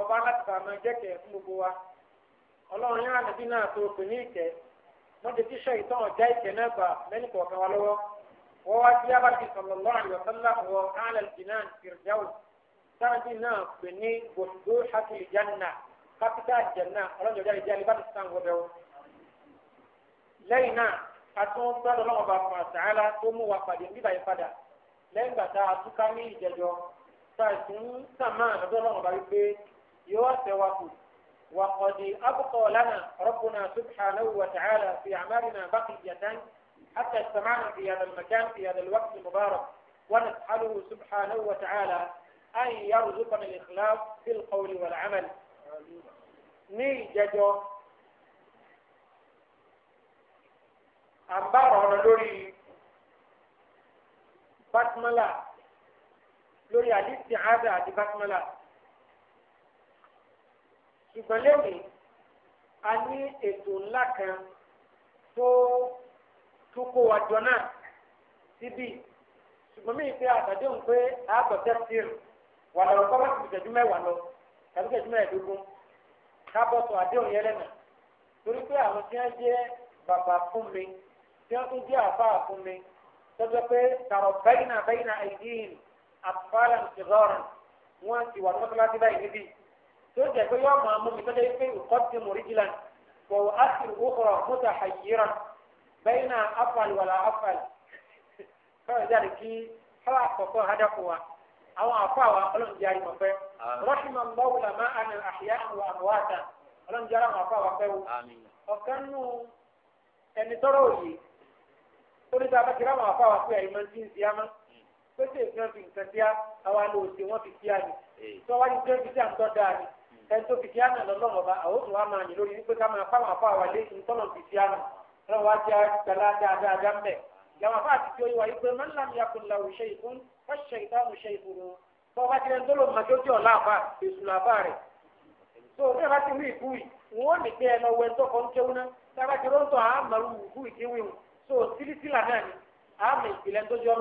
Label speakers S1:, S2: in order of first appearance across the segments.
S1: ọlọ́run ọba láti bá máa jẹ́ kẹ̀ fún gbogbo wa ọlọ́run yára nàbí náà tó pè ní ìkẹ́ wọ́n ti tíṣọ́ ìtàn ọ̀já ìkẹ́ náà gbà lẹ́nu kọ̀ọ̀kan wa lọ́wọ́ wọ́n wá sí abájú sallallahu alaihi wasallam wọ alẹ́ jinan firdaus sáàbì náà pè ní gbòǹdó hakili janna kápítà janna ọlọ́jọ́ jáde jáde bá sàn wọ́bẹ̀ lẹ́yìn náà a tún gbọ́dọ̀ lọ́wọ́ bá fún àtàlà tó mú wa pàdé níbà padà lẹ́yìn gbàtà àtúkà ní ìjẹjọ tá a sàmà lọ́dọ̀ lọ́wọ́ bá wípé يوافي وقل وقد أبقى لنا ربنا سبحانه وتعالى في أعمالنا بقية حتى استمعنا في هذا المكان في هذا الوقت المبارك ونسأله سبحانه وتعالى أن يرزقنا الإخلاص في القول والعمل ني جدو أمبارا لوري بسملا لوري أليس عادة بسملا بسملا ṣùgbọ́n lónìí a ní ètò ńlá kan tó tó kó wa jọ náà síbí ṣùgbọ́n mí pé àtàdéhùn pé àgbọ̀tẹ́ tìrì wà lọ́rọ̀ kọ́ láti ìjẹ́jú mẹ́wàá lọ tàbí ìjẹ́jú mẹ́ẹ̀ẹ́dógún kábọ̀tò àdéhùn yẹn lẹ́nà torí pé àwọn tí wọ́n jẹ́ bàbá fún mi tí wọ́n tún jẹ́ àfáà fún mi tọ́jọ́ pé tààrọ̀ bẹ́yìnà bẹ́yìnà àìdíhìn àtúfáàlà ìṣègọ́rùn wọ́n ti wà ní báyìí níbí tó jẹ́ pé yọ máa mú mi tó jẹ́ pé nǹkan ti mú ríjìlá wọ àṣírí òkúrọ múta àyíra bẹ́ẹ̀ náà afàlì wàlà afàlì káwọn jáde kí fáwọn àkọ́kọ́ hádàkùn wa àwọn àfọ àwọn ọlọ́run jẹ́ àyè mọ̀fẹ́ rọ́ṣìmọ̀ mbọ́wù làmá àná àṣìyá àwọn àmọ́wáta ọlọ́run jẹ́ àwọn àfọ àwọn afẹ́wò ọ̀kan nù ẹni tọ́rọ òye ó ní sábà kí àfọ àwọn afẹ́ àyè máa ń hmm. ń ti á máa pèsè tí a fi tí ẹni tó fi di àná lọ́lọ́rọ̀ bá àwọn tó wà máa yìn lórí wípé ká máa fáwọn afọ àwọn àlejò tọ́lọ̀ fi di àná lọ́wọ́ wá jẹ́ gbala dáadáa mbẹ́ yàwọn afọ àti tí ó yíwa wípé man lam yakun lahu shay'un fa shaytanu shay'uhu bọ́ bá tilẹ̀ tó ló ma tó jọ láàbà èsù làbà rẹ̀ tó o bá ti wí ìkú yìí wọn ò ní pé ẹ lọ wẹ ntọ́ kan kéwú ná náà ni àmì ìpìlẹ̀ tó jọ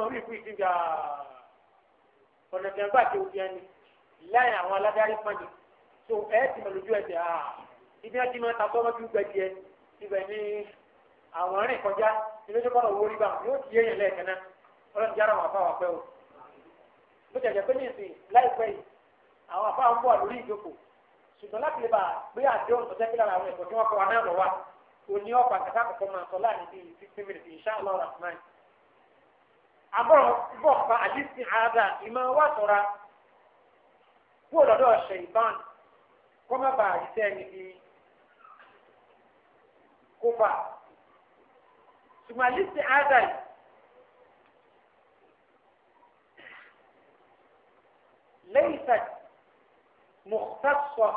S1: so ẹ ti mọ lójú ẹsẹ̀ aa ibi náà ti máa ta sọ́mọ́ tí ó gbẹ jẹ ibẹ̀ ni àwọn rìn kọjá ilé tó kọ́nà owó rí bá yóò ti yé yẹn lẹ́ẹ̀kan náà ọlọ́run jára wọn àfa wà pẹ́ o bó jẹjẹ pé nísìnyí láìpẹ́ yìí àwọn àfa ń bọ̀ lórí ìjókòó ṣùgbọ́n láti lè bá gbé àdéhùn tó tẹ́kí lára àwọn ẹ̀kọ́ tí wọ́n kọ́ wa náà lọ wa òní ọ̀pá kàtà kọ̀kọ́ máa sọ láàrin bíi fifteen minutes inshallah rahman àbọ̀rọ̀ bọ̀ pa àdìsí àádá ìmọ̀ wà sọ̀ra kúrò lọ́dọ̀ ṣèyí báńkì kọ́má bá àṣìṣe níbi kópa sùmàlìsì ádàlì ليست مختصة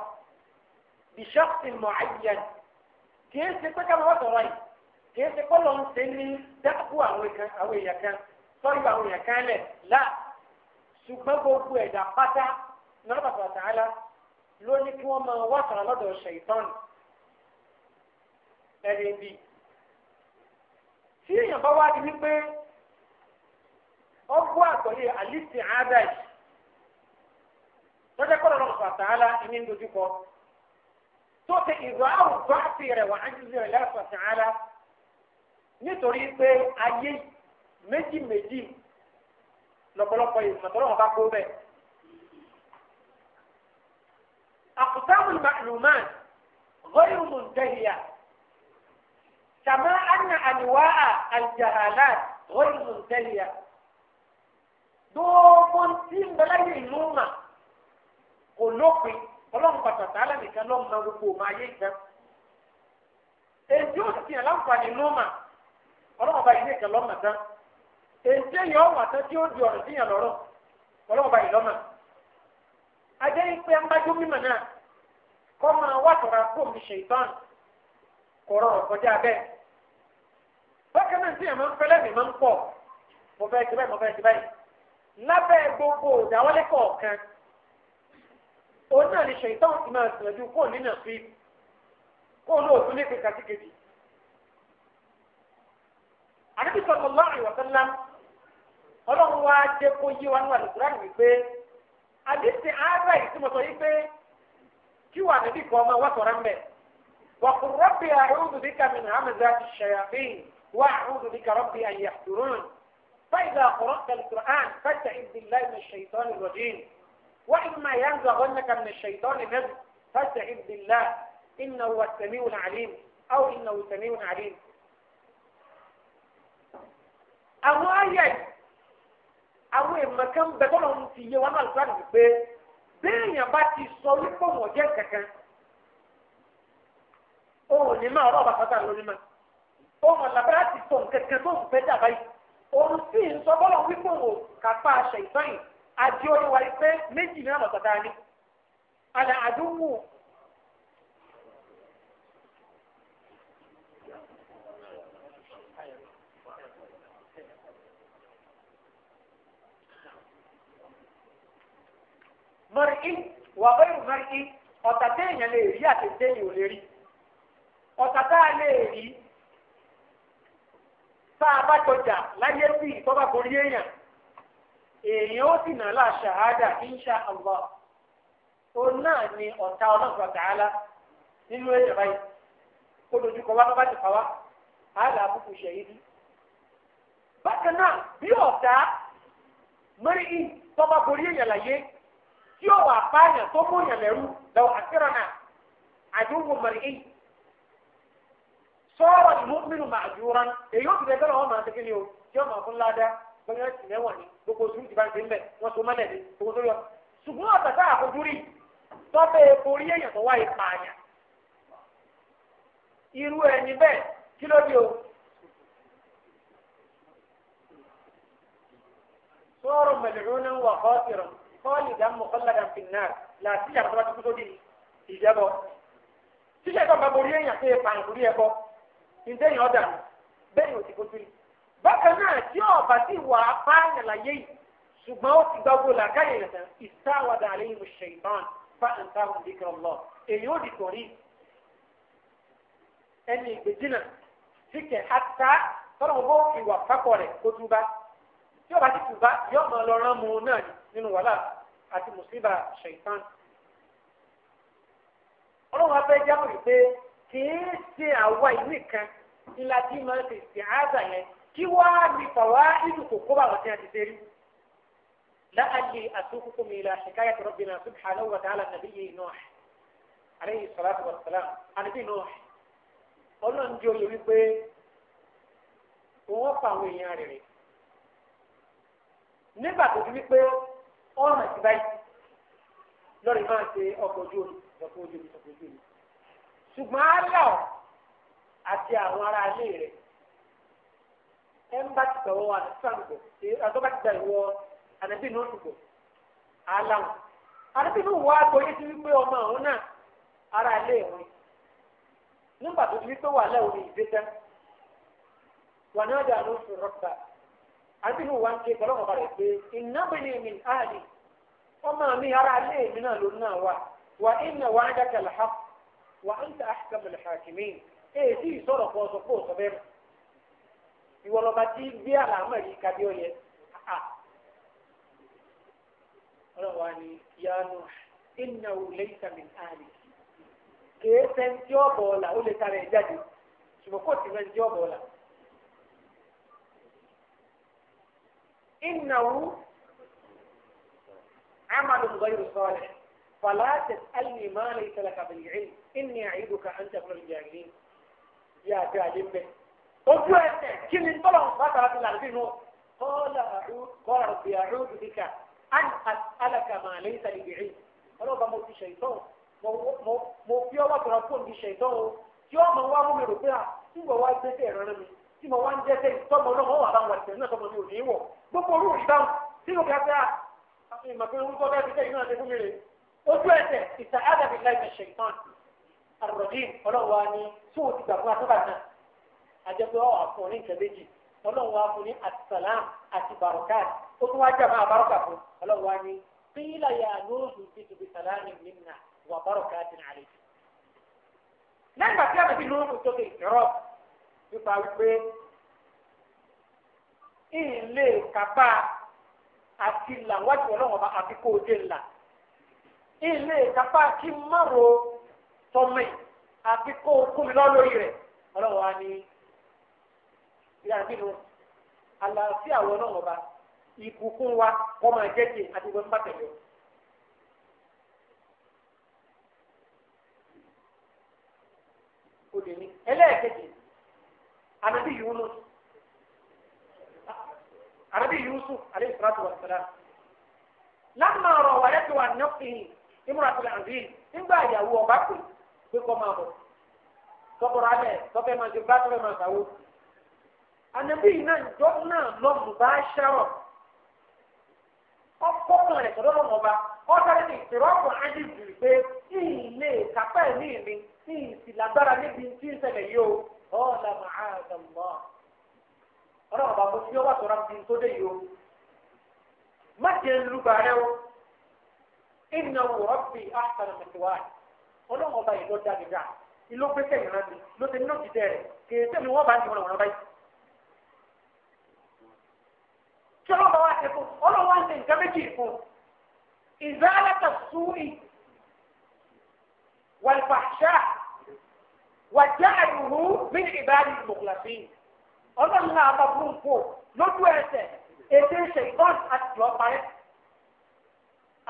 S1: بشخص معين kìí ṣe pé ká máa sọ̀rọ̀ yìí kìí ṣe pé lọ́n ṣe ní dákú àwọn èèyàn kan sọ́yìn àwọn èèyàn kan lẹ̀ là gbogbo ẹ̀dá pátá náà tààlà ló ní kí wọ́n máa wá fara lọ́dọ̀ ṣèitán ẹni bí. tí èèyàn bá wá di wípé ọgbọ́ àgbọ̀lé àlìsí àádáì lọ́jọ́ kọ́ lọ́nà fàtàlá ẹni ń dojúkọ tó ti ìrọ̀ àwùjọ àti rẹ̀ ájúzí rẹ̀ lẹ́yìn fàtàlá nítorí pé ayé méjì méjì lọ́pọ̀lọpọ̀ ìmọ̀tọ́lọ́wọ́n bá kó bẹ́ẹ̀. أقسام المعلومات غير منتهية كما أن أنواع الجهالات غير منتهية دوبون تيم بلاي نوما قلوبي ọlọ́run pàtàkì alẹ́ nìkan ló ma gbogbo ọmọ ayé ìgbà èyí ó sì yàn láǹfààní nọ́ọ̀mà ọlọ́run bá ilé ìkẹlẹ́ ọmọ tán èyí ẹ̀yọ ọ̀wà tán tí ó di ọ̀rọ̀ sí yàn lọ́rọ̀ ọlọ́run bá ìlọ́mà ajẹ́ ìpè ńbájú mímọ̀ náà kọ́ máa wá mi ṣe kò rọrùn kọjá bẹ́ẹ̀. bákan náà tí èèmọ̀ ń mi máa ń pọ̀ mo fẹ́ ti báyìí mo fẹ́ ti báyìí. lábẹ́ gbogbo ìdáwọ́lé kọ̀ọ̀kan òun náà ni ṣe ti máa ní ọlọ́run wá jẹ́ kó wa níwájú كيو عندي كوما وصر أمي وقل ربي أعوذ بك من همزات الشياطين وأعوذ بك ربي أن يحضرون فإذا قرأت القرآن فاستعذ بالله من الشيطان الرجيم وإما ينزغنك من الشيطان نزغ فاستعذ بالله إنه هو السميع العليم أو إنه سميع عليم أو أي أو إما كان بدلهم في يوم الفرق بيه béèyàn bá ti sọ wípé wọ́n jẹ́ kankan òun ní máa ọ̀rọ̀ bàtà lórí ma òun làbẹ́rẹ́ ti sọ nkankan tó ń fẹ́ dàbá yìí òun sì ń sọ bọ́lá wípé wọ́n kápá aṣọ ìtọ́yìn àti oríwáyé pé méjì ní àlọ́ tọ́ta ni àlẹ́ mọ̀rìkì wà bẹ́ẹ̀ mọ̀rìkì ọ̀tà téèyàn lè rí àti téèyàn ò lè rí ọ̀tà tá a lè rí tá a bá jọjà láyé bí ìtọ́ba kò rí èèyàn èèyàn ó sì nà ṣàhádà insha allah ó náà ni ọ̀tá ọlọ́gbà tààlà nínú èèyàn báyìí kó dojúkọ wá bá ti fà wá àlà àbùkù ṣèyídì bákan náà bí ọ̀tá mọ́rìkì tọ́ba kò rí èèyàn láyé tí ó wà báyàn tó múyàn lẹ́rú lọ́wọ́ àtìrànà àdúgbò mọ̀rẹ́ èyí sọ́ọ̀rọ̀ ìlú mímu máa ju ran èyí ó ti dẹ́ tọ́lọ̀ wọn máa tẹ́kẹ́ ni o tí ó máa fún ládàá bóyá ti mẹ́wọ̀n ni gbogbo oṣù ti bá ń ṣe ń bẹ̀ wọ́n so mọ́lẹ̀ ni gbogbo tó yọ ṣùgbọ́n àtàtà àfojúrí tọ́pẹ́ orí èèyàn tó wáyé pààyàn irú ẹni bẹ́ẹ̀ kí ló dé o sọ́ọ̀rọ̀ mẹ̀lẹ́rún náà wà kọ́ khalidan mukhalladan fin nar la si ya ba tu sodi ije bo si se ko ba borí èyàn pé pa borí ẹ bo nte yan oda be ni o ti kojú bákan náà tí ọba ti wà apá ìyàlàyé yìí ṣùgbọ́n ó ti gba gbogbo làákàyè rẹ̀ tán ìsáwádà àlẹ́yìn mu ṣèǹtàn fa ǹtàwọn dìkan lọ èyí ó di torí ẹni ìgbèjìnà tí kẹ̀ ata tọ́lọ́mọ́ bó ìwà pápọ̀ rẹ̀ kó túbá tí ọba ti túbá yọ̀ọ́ mọ̀ lọ́rán mu náà ni nínú wàhálà àti mùsíbà ṣèitán. ọlọ́run afẹ́ jáwọ́ yìí pé kì í ṣe àwa ìlú kan ńlá tí máa ń tètè àádà yẹn kí wàá ní fàwa ìlú kò bá wọn ti ṣe rí. لعلي أسوقكم إلى حكاية ربنا سبحانه وتعالى نبي نوح عليه الصلاة والسلام نبي نوح ọlọ́run jẹ́ olórí pé wọ́n pa àwọn èèyàn rẹ̀ ọ̀nà ti báyìí lórí máa ṣe ọkọ̀ ojú omi ọkọ̀ ojú omi ọkọ̀ ojú omi ṣùgbọ́n àlọ́ àti àwọn ará ilé rẹ̀ ń bá ti gbàwọ́ àdúgbò àdúgbò ti òdùgbò aláwọ̀ ti wípé ọmọ náà ará ilé àbínú wa ń ké kọlọ́mọ̀ balẹ̀ pé ìnábìlì mi àlè ọmọ mi ara ilé mi náà ló náà wà wà ìnà wà á dákẹ́ làhà wà á ń ta àṣìkà mọ̀lẹ̀ hàkìmí èyí tí ìsọ̀rọ̀ kan sọ pé òsọ bẹ́ẹ̀ ìwọ lọba tí gbé àlàmọ́ yìí kábí ọ̀yẹ́ ọlọ́run wa ni yanu ìnà òlẹ́ ìsàmì àlè kèé sẹ́ńtì ọ̀bọ̀ ọ̀la ó lè tara ẹ̀ jáde ṣùgbọ́n kò sí sẹ́ńtì ọ̀bọ̀ ọ̀la. إنه عمل غير صالح فلا تسألني ما ليس لك بالعلم إني أعيدك أن تكون الجاهلين يا جاهلين به ojú ẹsẹ̀ kí ni tọ́lọ̀ ń bá tara ti làlùbí nù kọ́lá rọ̀bì àrùn bíkà án alaka màá lẹ́yìn sàlẹ̀ bìrì ọlọ́ba mo fi ṣèyítọ́ o tí mo wá ń jẹ́ sẹ́yìn tọ́mọ náà wọ́n wà bá wà tẹ̀lé náà tọ́mọ mi ò ní wọ̀ gbogbo orú ìdáhùn tí mo kà sí à ìmọ̀ pé orúkọ bẹ́ẹ̀ fi sẹ́yìn náà ṣe fún mi rè ojú ẹsẹ̀ ìta ádàbí láìpẹ́ ṣèǹtàn àròdìn ọlọ́wà ni tí o ti gbà fún atúbà àjẹpẹ́ ọ̀ àfún ní nǹkan méjì ọlọ́wà fún ní àtìsàlám àti barokat ó tún wá jà máa barokà ya nuhu nípa wípé ìhìn kaba àti là ọlọ́run ọba àti kó o dé là ìhìn lè kí n má ro àti kó o kú mi rẹ̀ ọlọ́run wa ni ìyára àlàáfíà ọba wa kọ́ máa àti ìwé ń anabi yunus anabi yusuf alayhi salatu wa salam lamma rawayatu an nafsihi imratul aziz nígbà ìyàwó ọba pè pé kọ́ máa bọ̀ tọkọrọ alẹ tọkẹ máa ṣe bá tọkẹ máa ṣàwó anabi náà jọ náà lọ́mù bá ṣàrọ̀ ọba kọ́ọ̀lá màáta الله، ọlọ́run bá mo fi ọwọ́ sọ̀rọ̀ bí n tó dé yìí o má jẹ́ ń lùgbà rẹ o ìnà wòrán fi àṣà mẹ́tẹ́wàá ọlọ́run ọba yìí ló dá mi dá ìlú gbẹ́sẹ̀ yìí rántí ló ti nínú ìdílé rẹ̀ kéèké mi wọ́n bá ń di wọn báyìí. tí ọlọ́run bá wá ṣe fún ọlọ́run wá ń ṣe nǹkan méjì fún ìzálẹ́tà súwì wàlùfàṣà wàjá àlùhù min ìbáàdì mọ̀kìlàfín ọlọ́run náà bá fún fún lójú ẹsẹ̀ ètè ṣèkọ́n àti ìlọ́parẹ́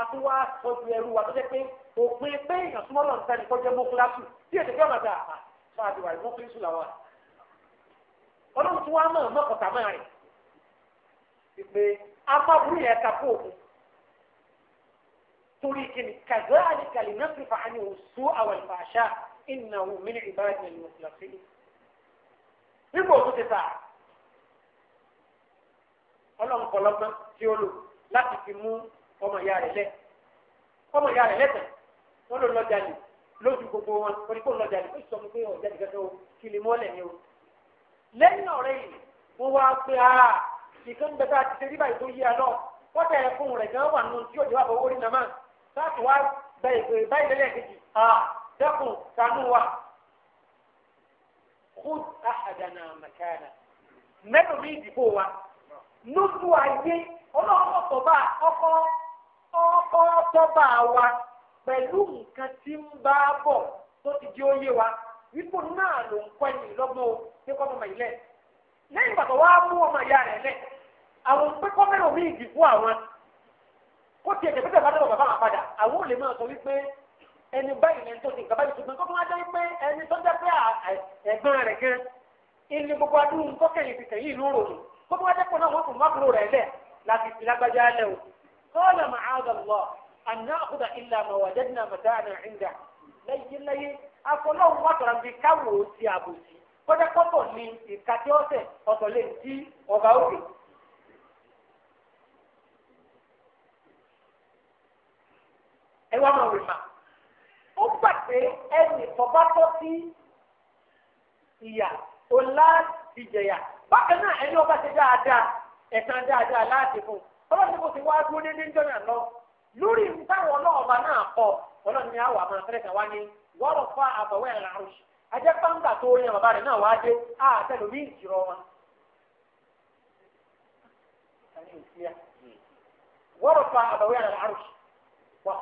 S1: àtúwá sọ́jú ẹrú wa tó jẹ́ pé òpin pé èèyàn súnmọ́ lọ́nà tẹ́lẹ̀ kọjá mọ́kìlàfín tí ètè kí ọ̀nà dà á fún àdìwà ìmọ̀kìlìsù làwọn ọlọ́run tí wọ́n á mọ̀ ọ́ mọ́kọ̀tà máa rìn ìpè amáburú yẹn ká kó òkun torí kìnnìkàgbé àdìkàlì إنه من ibadina al-mukhlasin nígbà òtún ti sà ọlọ́run kọlọ́gbọ́n tí ó lò láti fi mú ọmọ ìyá rẹ̀ lẹ̀ ọmọ ìyá rẹ̀ lẹ́tẹ̀ wọ́n ló lọ́jà lè lójú gbogbo wọn wọ́n ní kó lọ́jà lè fún ìsọmú pé ọ̀jà lè gẹ́gẹ́ o kì í mọ́lẹ̀ ni o. lẹ́yìn ọ̀rẹ́ yìí mo wá pé a ìkan ń bẹ́tà ti ṣe rí báyìí tó yí a lọ wọ́n tẹ̀ rẹ̀ gan wà nù tí ó jẹ́ wà bọ̀ orí nàmá sáà wá gbẹ dẹ́kun ṣàánú wa khud ahadana makana mẹ́rin mi ìdìbò wa lójú ayé ọlọ́run ọ̀tọ̀ba ọkọ ọkọ ọ̀tọ̀ba wa pẹ̀lú nǹkan tí ń bá bọ̀ tó ti di óyé wa wípò náà ló ń kọ́ ẹ̀yìn lọ́gbọ́n o pé kọ́ ọmọ ìlẹ̀ lẹ́yìn pàtó wàá mú ọmọ ìyá rẹ̀ lẹ̀ àwọn pẹ́kọ́ mẹ́rin mi ìdìbò àwọn kó tiẹ̀ tẹ̀ bá dẹ̀ bàbá wọn padà àwọn ò lè máa sọ wípé ẹni báyìí lẹ́nu tó ti nǹkan báyìí ṣùgbọ́n kókó wá jẹ́ pé ẹni tó jẹ́ pé ẹ̀gbọ́n rẹ̀ gan ilé gbogbo adúlù tó kẹ̀yìn fi kẹ̀yìn ìlú ròyìn kókó wá jẹ́ pé náà wọ́n fún mákúrò rẹ̀ lẹ̀ láti fi lágbájá lẹ̀ o. sọ́ọ̀lá màáda lọ àná àkúdà ilà màwàjẹ́dínà màdáàna ìndà lẹ́yìnlẹ́yìn afọlọ́hún wà tọ̀rọ̀ bí káwò ẹ wá máa wè máa. ó gbà pé ẹnì tó bá tọ́ sí ìyà ó láti jẹ̀yà bákan náà ẹni ọba ṣe dáadáa ẹ̀san dáadáa láti fún ọlọ́run kò sì wá dúró déédéé jọ náà lọ lórí táwọn ọlọ́ọ̀ba náà kọ ọlọ́run àmọ́ kan wá ní wọ́ọ̀rọ̀ fún àbọ̀wẹ́ tó rẹ̀ náà dé ìjìrọ̀ wọn. wọ́ọ̀rọ̀ fún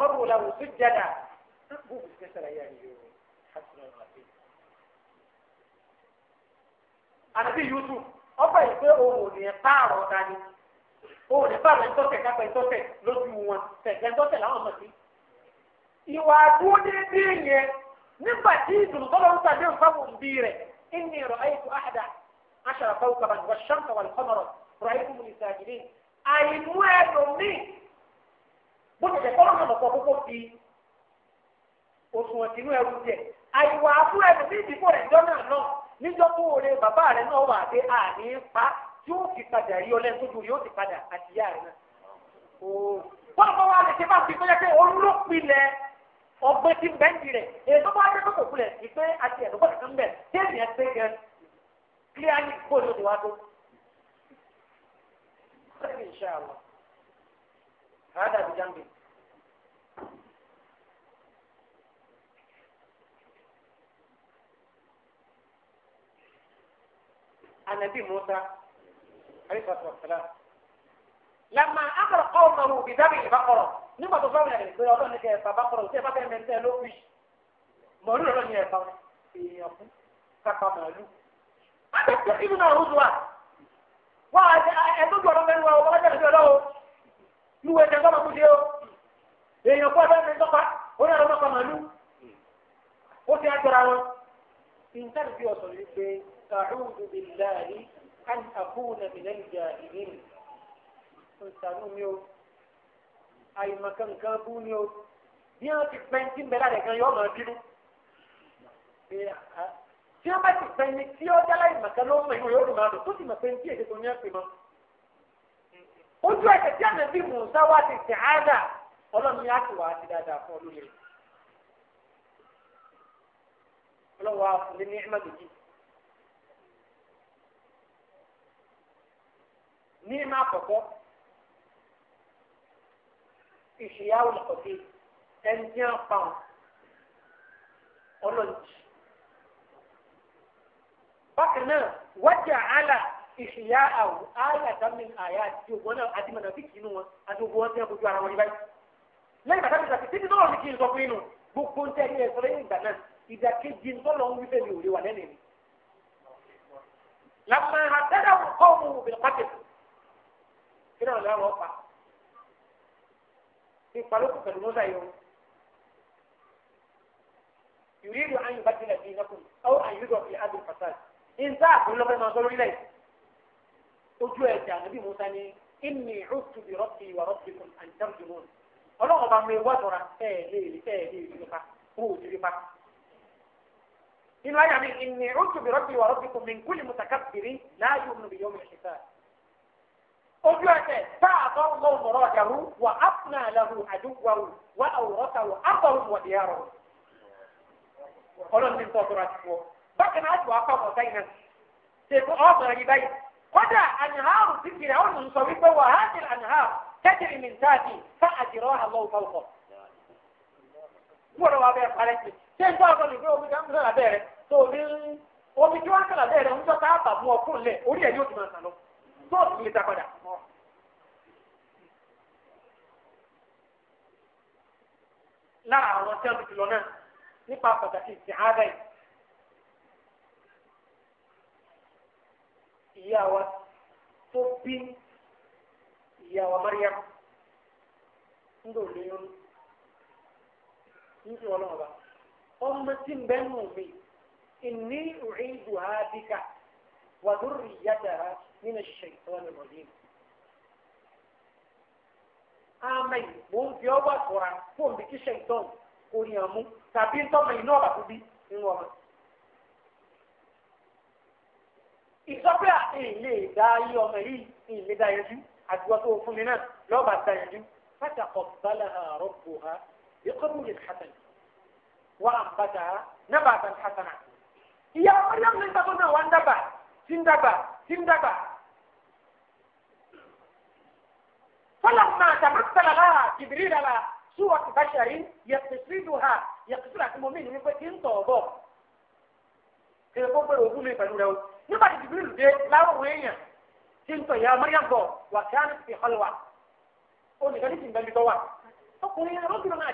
S1: àbọ̀wẹ́ bu mesela yani diyorum. Hasbunallah ve Ànábì Yusuf ọba ìgbé òun ò ní pààrọ̀ dání òun ní pààrọ̀ ìtọ́tẹ̀ kápẹ́ ìtọ́tẹ̀ lójú wọn tẹ̀gbẹ́ ìtọ́tẹ̀ làwọn mọ̀ sí. Ìwà àdúró yẹn nígbà tí ìdùnnú tọ́lọ́ ń sàdé nǹkan bí rẹ̀ ìní ìrọ̀ ayétu àdá kaba rọ̀ òṣùwọ̀n tìǹú ẹrú jẹ àìwà fún ẹni tí ìdìbò rẹ̀ jọ náà náà níjọ́ tó o lè bàbá rẹ̀ náà wà dé àní pa tí ó ti padà rí ọlẹ́ tó dùn yóò ti padà àti ìyá rẹ̀ náà. wọ́n bá wà lè ṣe bá fi kọjá pé olópinlẹ̀ ọgbẹ́ tí bẹ́ǹdì rẹ̀ èyí tó bá dé tó kò kulẹ̀ sí pé àti ẹ̀dọ́gbọ́ kankan bẹ̀ téèmì ẹ̀ pé gan kílíánì bóyá ó ti anabi musa alayhi salam lamma akọrọ kọọmaru bidabi ìbákọrọ nígbà tó fẹẹ wẹlẹ gbé ọlọ́run nìkẹ ẹfà bákọrọ tí ẹfà bẹẹ mẹntẹ ló fi mọlú lọrọ yẹn ẹfà èèyàn fún kápá màálù. àtẹ̀tẹ̀ ìlú náà rúdu wa wọ́n á ẹ̀dójú ọ̀rọ̀ mẹ́rin wa wọ́n á jẹ́ ẹ̀dójú ọ̀rọ̀ lúwẹ̀ ẹ̀jẹ̀ sọ́mọ kúndé o èèyàn fún ẹ̀fẹ́ mi tọ́pa ó ní ọ̀rọ̀ mọ́pa màálù ó ti á jọra wọn. ìǹtẹ́lifí ọ̀sán yìí pé أعوذ بالله أن أكون من الجاهلين ìsànú mi o àyìnmọ̀kankan كابون ni o bí wọ́n ti pẹ́ tí ń bẹ lára ẹ̀kan yóò máa bínú. tí wọ́n bá ti pẹ́ ni tí ó dá láyìnmọ̀kan ló mọ̀ ìwé olùmọ̀ àdùn tó sì mọ̀ pé ní èdè tó ní ẹ̀pẹ̀ mọ́. ojú ẹsẹ̀ tí àná bí mùsá wá ti tẹ̀ áádà ọlọ́run yá sì wá ti dáadáa fún ọdún rẹ̀. ọlọ́wọ́ àfúnlé ní ẹ̀mọ́ méjì. ní ìmọ̀ àkọ́kọ́ ìṣìyàwó lọ́kọ̀dé ẹni tí wọ́n pa ọlọ́jì. bákan náà wájà àlà ìṣìyà àwò àyà dámì àyà àti ògbọ́n náà àti mọ̀nàfíìkì inú wọn àti ògbọ́n wọn tí wọ́n kojú ara wọn ní báyìí. lẹ́yìn bàtà bìtà títí náà ní kí n sọ fún inú gbogbo ń tẹ́lẹ̀ ẹ̀sọ́ lẹ́yìn ìgbà náà ìdàkejì ńlọ́lọ́ ń wípé mi ò lè wà lẹ́nu mi. làmàhà kọ́ mu kíni àwọn ọlọ́wọ́ pa nípa ló kù pẹ̀lú mọ́sá yìí o yìí rí àyùn bá tilẹ̀ bíi nàkùn ọ́ àyùn rọ̀ fi àdùn fasad níta àbúrò lọ́fẹ́ máa sọ lórílẹ̀ ojú ẹ̀jẹ̀ ànábì Musa ni inni cuntu bi rabbi wa rabbikum an tarjumun ọlọ́wọ́ bá mi wá sọ̀rọ̀ ẹ̀ léèrè ẹ̀ léèrè nípa kó o jìrì pa nínú ayàmì inni cuntu bi rabbi wa rabbikum min kulli mutakabbirin la yu'minu bi yawmil hisab ojú ẹsẹ̀ táà bá ń lọ mọ̀rọ̀ ọ̀dàrú wà á fún àlàrú àdúgbòrò wà àwòrán wà á kọ̀rọ̀ wọ̀ di ẹ̀rọ. ọlọ́run ti ń tọ́ sọ́ra ti fọ́ bákan náà àjùwà kọ́ ọ̀sán iná ṣèkú ọmọ yìí báyìí kọ́dà àníhàrù ti kiri àwọn ọ̀nà sọ wípé wà á ti àníhàrù kẹ́kiri mi ntaàdì fá àjìrọ̀ àlọ́ òfòfò. gbọ́dọ̀ wọ́n ń tó sì lè ta padà. lára àwọn tí wọn ti lọ náà nípa pàtàkì ìsìn ààrẹ yìí. ìyá wa tó bí ìyá wa Mariam ń lò lóyún ní ìwọ náà bá ọmọ tí ń bẹ nù ìní ìrìn ìdùhà bíkà wà lórí ìyá dàrá. من الشيطان الرجيم àmì mò ń fi ọwọ́ àtọ̀ra fóun bí kí ṣèǹtọ́n kò yàn mú tàbí ntọ́mọ iná ọ̀bà tó bí nínú ọmọ. ìsọpẹ́ ìlé ìdá ayé ọmọ yìí ìlé dá yanjú àdúgbò tó fún mi náà lọ́ọ̀bà dá yanjú فتقبلها ربها بقبول حسن وأنبتها نباتا حسنا. ìyá ọmọ yẹn ń gbàgbọ́ náà wá ń dábàá tí ń dábàá tí ń dábàá. فلما تمثل لها جبريل على سورة بشر يقتصدها يقتصدها في المؤمن يقول إن توبوا kí ló gbọ́dọ̀ ojú lè pẹ̀lú rẹ o nígbà tí Jibril dé láwùrọ̀ èèyàn tí ń tọ̀ ya Mariam bọ̀ wà kí á ní fi hàn wá ó nìkan ní ti ń bẹ́ẹ̀ bíbọ́ wà ọkùnrin yẹn lọ́dún náà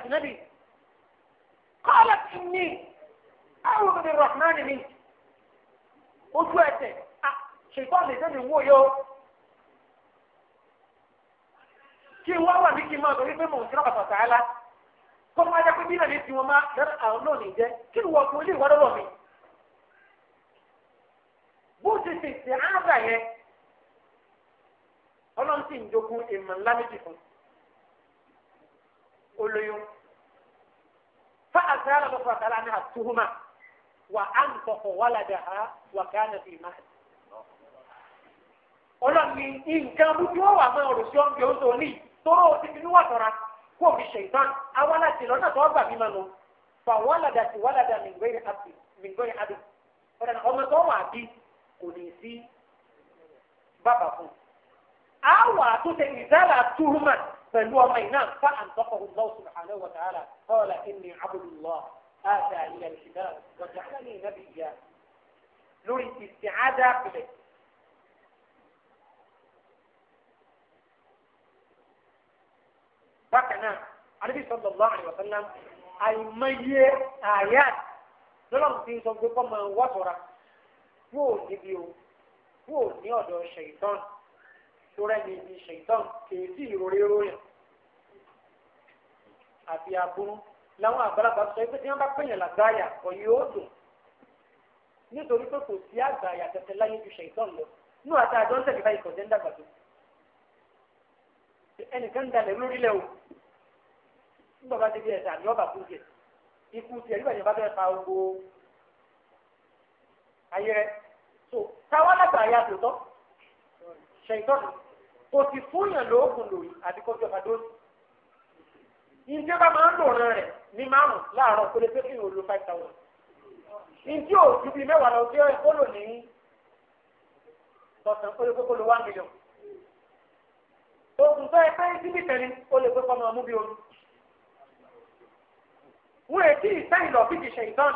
S1: àti kí n wá wà ní kí n máa torí pé mò ń kíra bàtà sàálà kó má pé bí tí wọ́n má lẹ́nu àwọn náà kí ni wọ́n kún ilé ìwádọ́ mi. bó ti ti ti ọlọ́run sì ń fa ní àtúhùmá wà á ń á wà fi ọlọ́run ní nǹkan wà tóró òsì fi níwà tọ́ra kó fi ṣe ìtàn àwọn aláṣẹ lọ́nà tó gbà bímọ nù fà wàlàdà sí wàlàdà mìngọ́yì adì ọ̀dà ọmọ tó wà bí kò ní sí bàbá fún un awa tó ṣe ìzálà túrúmà pẹ̀lú ọmọ iná fa àǹtọ́kọ̀ Allah subhanahu wa ta'ala qala inni abdullah àti àyè àlùfíà wọ́n ti àlàyé nàbìyà lórí ìsìn bákan náà Ànábì sallallahu alaihi wasallam àìmọye àyà lọ́lọ́run ti sọ pé kọ́mọ wọ́sọ̀ra kúò níbi o kúò ní ọ̀dọ̀ ṣèyítọ́n tó rẹ́ni ibi ṣèyítọ́n kìí sí ìròrí ròyìn àti aburú làwọn àgbàlagbà sọ pé tí wọ́n bá pèèyàn làgbáyà kò yóò dùn nítorí pé kò sí àgbáyà tẹ̀tẹ̀ láyé ju ṣèyítọ́n lọ níwájú àjọ ń tẹ̀lé báyìí kò jẹ́ ń dàgbà tó ẹnìkan dalẹ̀ lórí lẹ́wọ̀ nígbà bá débi ẹ̀sà ni ọba kú jẹ ikú tiẹ̀ nígbà yẹn bá bẹ́ẹ̀ pa ogbó ayé rẹ̀ so táwọn alágbà ayé àtòtọ́ ṣèǹtọ́ kò sì fúnyàn lóògùn lòyìn àti kó jọba dóòtì ìdí ọba máa ń lò ràn rẹ̀ ní márùn láàárọ̀ kó lè pé kí n ò lo five thousand ìdí òjú bíi mẹ́wàá lọ sí ọ̀rẹ́ kó lò ní tọ̀sán kó lè kó lò one million oògùn tó ẹ tẹ̀lé o lè gbé fọmọ ọmú bí omi. wọ́n ètí ìsẹ́yìn lọ bí ti ṣe ìtàn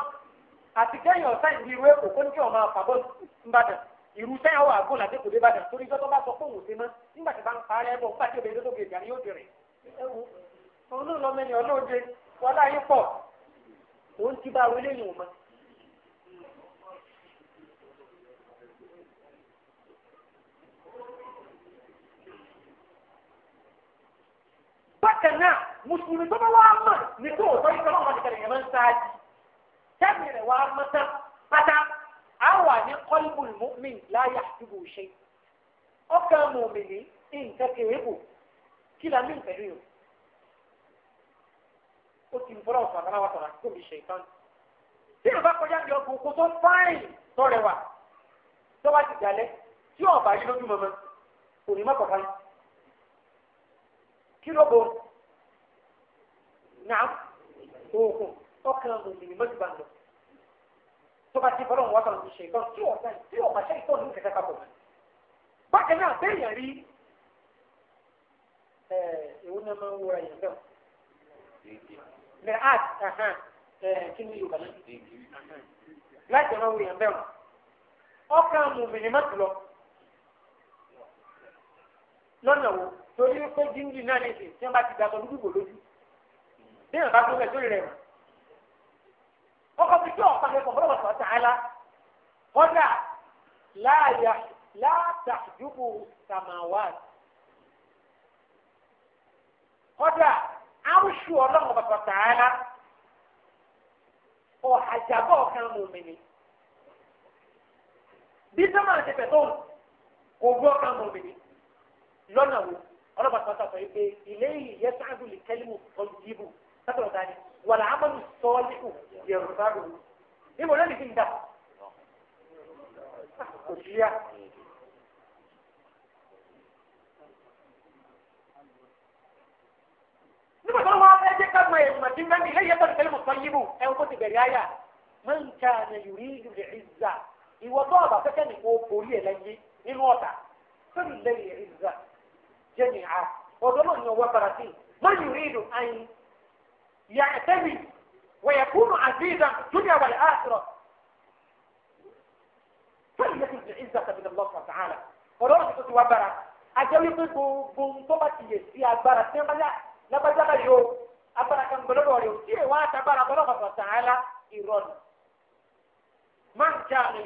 S1: àti kẹ́yìn ọ̀sán ìdí irú èkó kó ní kí wọ́n máa fà bọ́ọ̀lù ńbàdàn ìrù sẹ́yìn ọwọ́ àgọ́ làdé kò dé bàdàn torí ìjọba sọ fún òun ṣe mọ́ nígbà tí bá ń parẹ́ bọ̀ nígbà tí obìnrin tó gbèjà ni yóò bẹ̀rẹ̀. olóòlọ́mẹ́ni ọlọ́ọ̀dẹ wọlé ayé pọ̀ òun ti bá wọlé yìí wọ́n mọ́. bákan náà mùsùlùmí tó bá wà á mọ̀ ní tó òótọ́ yìí kọ́lọ́mọ́ ti kẹ̀lẹ́ yẹn máa ń sáájì tẹ́mi rẹ̀ wà á mọ̀ tán pátá á wà ní qalbul mu'min la yahjubu shay ọkàn mùmìnì nǹkan kèébù kí la mí pẹ̀lú yòó ó ti ń fọlọ́ ọ̀sán aláwọ̀ tọ̀rọ̀ àti tóbi ṣèǹtàn tí ìrọ̀bá kọjá ní ọkùn kó tó fáìn tọrẹwà tó bá ti dalẹ̀ tí ọ̀bà yìí lójú mọ́mọ́ kò ní mọ́kànlá kí ló bọ̀ nàá oògùn ọkàn mùsùlùmí mọ́jú bá ń lọ tó bá ti fọlọ́run wá sọ̀rọ̀ ṣe ìtọ́ tí ọ̀sán tí ọ̀pá ṣe ìtọ́ nínú kẹta papọ̀ bákan náà bẹ́ẹ̀yàn rí ìwọ náà máa ń wúra yẹn náà ní art kí ni yorùbá náà láti máa wúra yẹn bẹ́ẹ̀ ọkàn mùsùlùmí mọ́jú lọ lọ́nà wo torí pé jíńdì náà lè ṣe tí wọ́n bá ti dàgbà lójú bí ẹ̀ bá tó bẹ̀ sórí rẹ̀ mọ̀ ọkọ̀ fi tó ọ̀pá kẹ́kọ̀ọ́ fọlọ́wọ́ sọ̀rọ̀ tààlà kọ́dà láàyà látàjúbù sàmáwáàtì kọ́dà arúṣù ọlọ́run bàbá tààlà ọ̀hàjàbọ̀ kan mọ̀mìnì bí sọ́mà ti fẹ̀ tó kò gbọ́ kan mọ̀mìnì lọ́nà wo ọlọ́pàá sọ̀tà sọ pé ilé yìí yẹ sáájú lè kẹ́lí mu tọ́jú yìí bù sọ́dọ̀ dání wàlà amadu sọ́ọ́lì kù yẹ̀rù fáwọn níbo lónìí fi ń dà kò sí yá. nígbà tó wọ́n fẹ́ jẹ́ ká mọ èèmọ̀ tí mẹ́mí ilé yẹtọ̀ nìkẹ́lẹ́ mọ̀tọ́ yìí bù ẹ̀ ń kó ti bẹ̀rẹ̀ ayà man kana yuridu al-izza ìwọ tó ọba fẹ́kẹ́ ní kó borí ẹ̀ lẹ́yìn nínú ọ̀tà tó lẹ́yìn ìzà jẹ́ ní ọ̀dọ́ náà ni ọwọ́ يعتني ويكون عزيزا في الدنيا والآخرة فليكن العزة من الله سبحانه وتعالى ọlọ́run tuntun wa bára ajẹ́ wípé gbogbo tó bá ti yè sí agbára tí wọ́n yá lábàjá bá kan gbọlọ́dọ̀ rẹ̀ tí èèwọ̀ àtàbára ọlọ́run tuntun sàálà ìrọ̀lù. máa ń jẹ́ àmì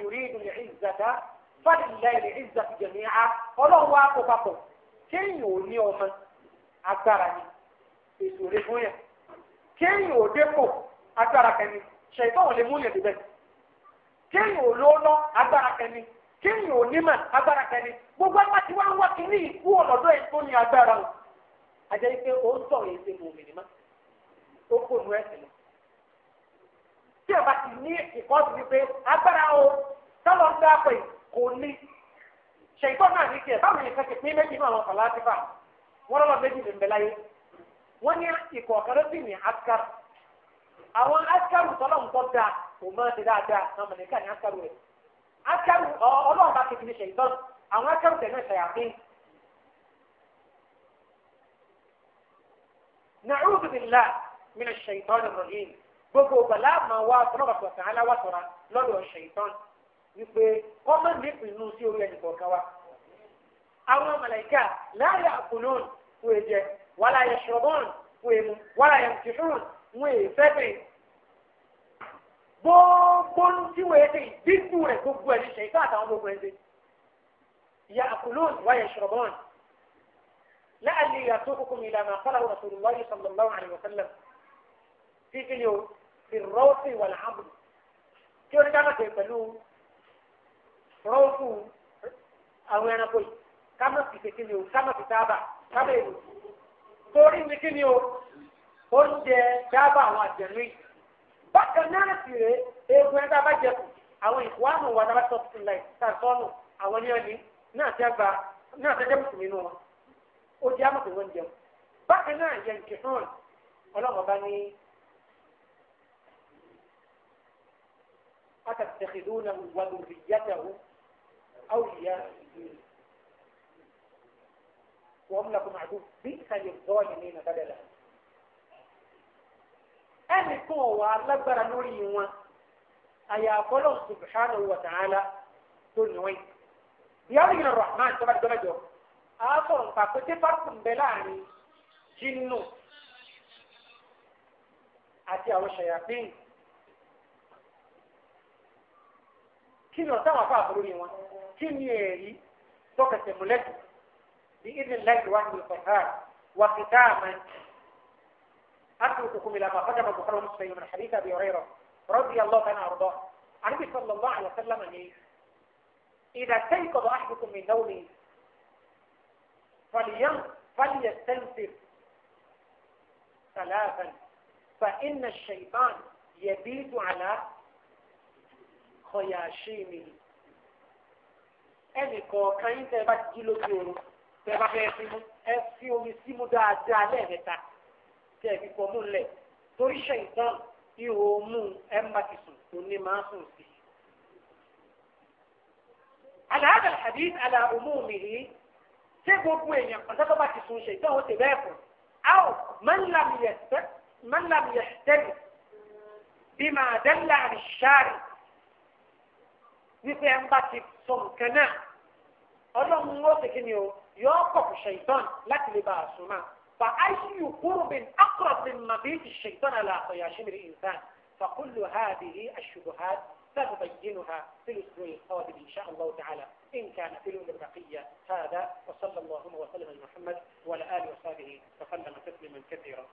S1: yòrí a kéèyàn ò dépò agbára kẹni ṣètọ́ ò lè múlẹ̀ níbẹ̀ kéèyàn ò lọ́ọ́lọ́ agbára kẹni kéèyàn ò nímọ̀ agbára kẹni gbogbo apá tí wọ́n ń wá kínní ìkú ọ̀lọ́dọ̀ ẹ̀ tó ní agbára o àjẹ́ ike ó ń sọ̀rọ̀ èsè mọ̀ òmìnira ó kó nu ẹ̀sìn lọ. tí ọba ti ní ìkọ́sí ni pé agbára o tọ́lọ́ ń dáa kò ní náà ní báwo ni ìfẹ́ wọ́n ní ìkọ̀ọ̀kan ló sì ní askar àwọn askaru tọ́lọ́hún tó da kò máa ṣe dáadáa àwọn mọ̀lẹ́kà ní askaru rẹ̀ askaru ọlọ́run bá kékeré ṣe ìtọ́n àwọn askaru tẹ̀ náà ṣàyàfín. na'udhu billahi minash shaitanir rajim gbogbo bàlá máa wá tọ́lọ́bà tó sàn án láwà tọ́ra lọ́dọ̀ ṣèitán wípé kọ́mọ nípìnnú sí orí ẹnì kọ̀ọ̀kan wa. àwọn wala yashrabun wọ́n èmu wala yamtihun wọ́n èfẹ́fẹ́ gbogbo tí wọ́n ètè dídú rẹ̀ gbogbo ẹ̀ ní ṣèyíká àtàwọn gbogbo ẹ̀ ń ṣe ya'kulun wa yashrabun la'alli yatukukum ila ma qalahu rasulullahi sallallahu alaihi wa sallam fi kini o fi rọ́ọ̀sì wal abd kí wọ́n ní ká má ṣe pẹ̀lú rọ́ọ̀sù àwọn ẹranko yìí ká má fi ṣe kini o ká má fi sábà ká má èlò. torí ní kí ni o ó ń jẹ dábà àwọn àjẹnú bákan náà sì rè eegun ẹgbẹ́ abájẹkù àwọn ìwádùn wà dábà tó ti láì sàtọ́nù àwọn ní ọ̀nì náà ti gba náà ti dẹ́kun nínú wọn ó n'a àmọ̀ pé wọ́n bákan náà bá ní. أتتخذونه وذريته أولياء وهم لكم عدو بئس للظالمين بدلا ẹnì kan wà lágbára lórí wọn àyàfọlọ subhanahu wa ta'ala tó níwọ̀n ìyáwó yìí lọ́rọ̀ àmà ìjọba ìjọba jọ àásọ̀rọ̀ nípa pé tí fárúkù ń bẹ láàrin jinnu àti àwọn ṣàyàfín kí ni ọ̀tá wà fún àbúrò yìí wọn kí ni ẹ̀rí tọkẹsẹ̀ بإذن الله الواحد القهار وختاما أترككم إلى ما قدم البخاري ومسلم من حديث أبي هريرة رضي الله تعالى أرضاه النبي صلى الله عليه وسلم أن إذا استيقظ أحدكم من نومه فليستنفر ثلاثا فإن الشيطان يبيت على خياشيمه أنا kọ̀ọ̀kan yín tẹ́ كيلو tẹ bá fẹ́ símú ẹ fi omi símú dáadáa lẹ́ẹ̀mẹ́ta tẹ ẹ fi pọ̀ mú lẹ̀ torí ṣèǹtàn ihò mú ẹ má ti sùn tó ní máa sùn sí. àlàáfẹ́ hadith àlà umumihi ṣé gbogbo èèyàn pàṣẹ tó bá ti sùn ṣèǹtàn ó ti bẹ́ẹ̀ fún aw man lam yahtadi bima dalla àrí ṣáàrì wípé ẹ ń bá ti sọ náà ọlọ́run ó sì kí ni o. يوقف الشيطان لك لباس ما فأي قرب أقرب من náà الشيطان على kurubin akorọ̀bì فكل هذه الشبهات سنبينها في الاسبوع القادم ان شاء الله تعالى ان كان في الامور بقيه هذا وصلى الله وسلم على محمد وعلى اله وصحبه وسلم تسليما كثيرا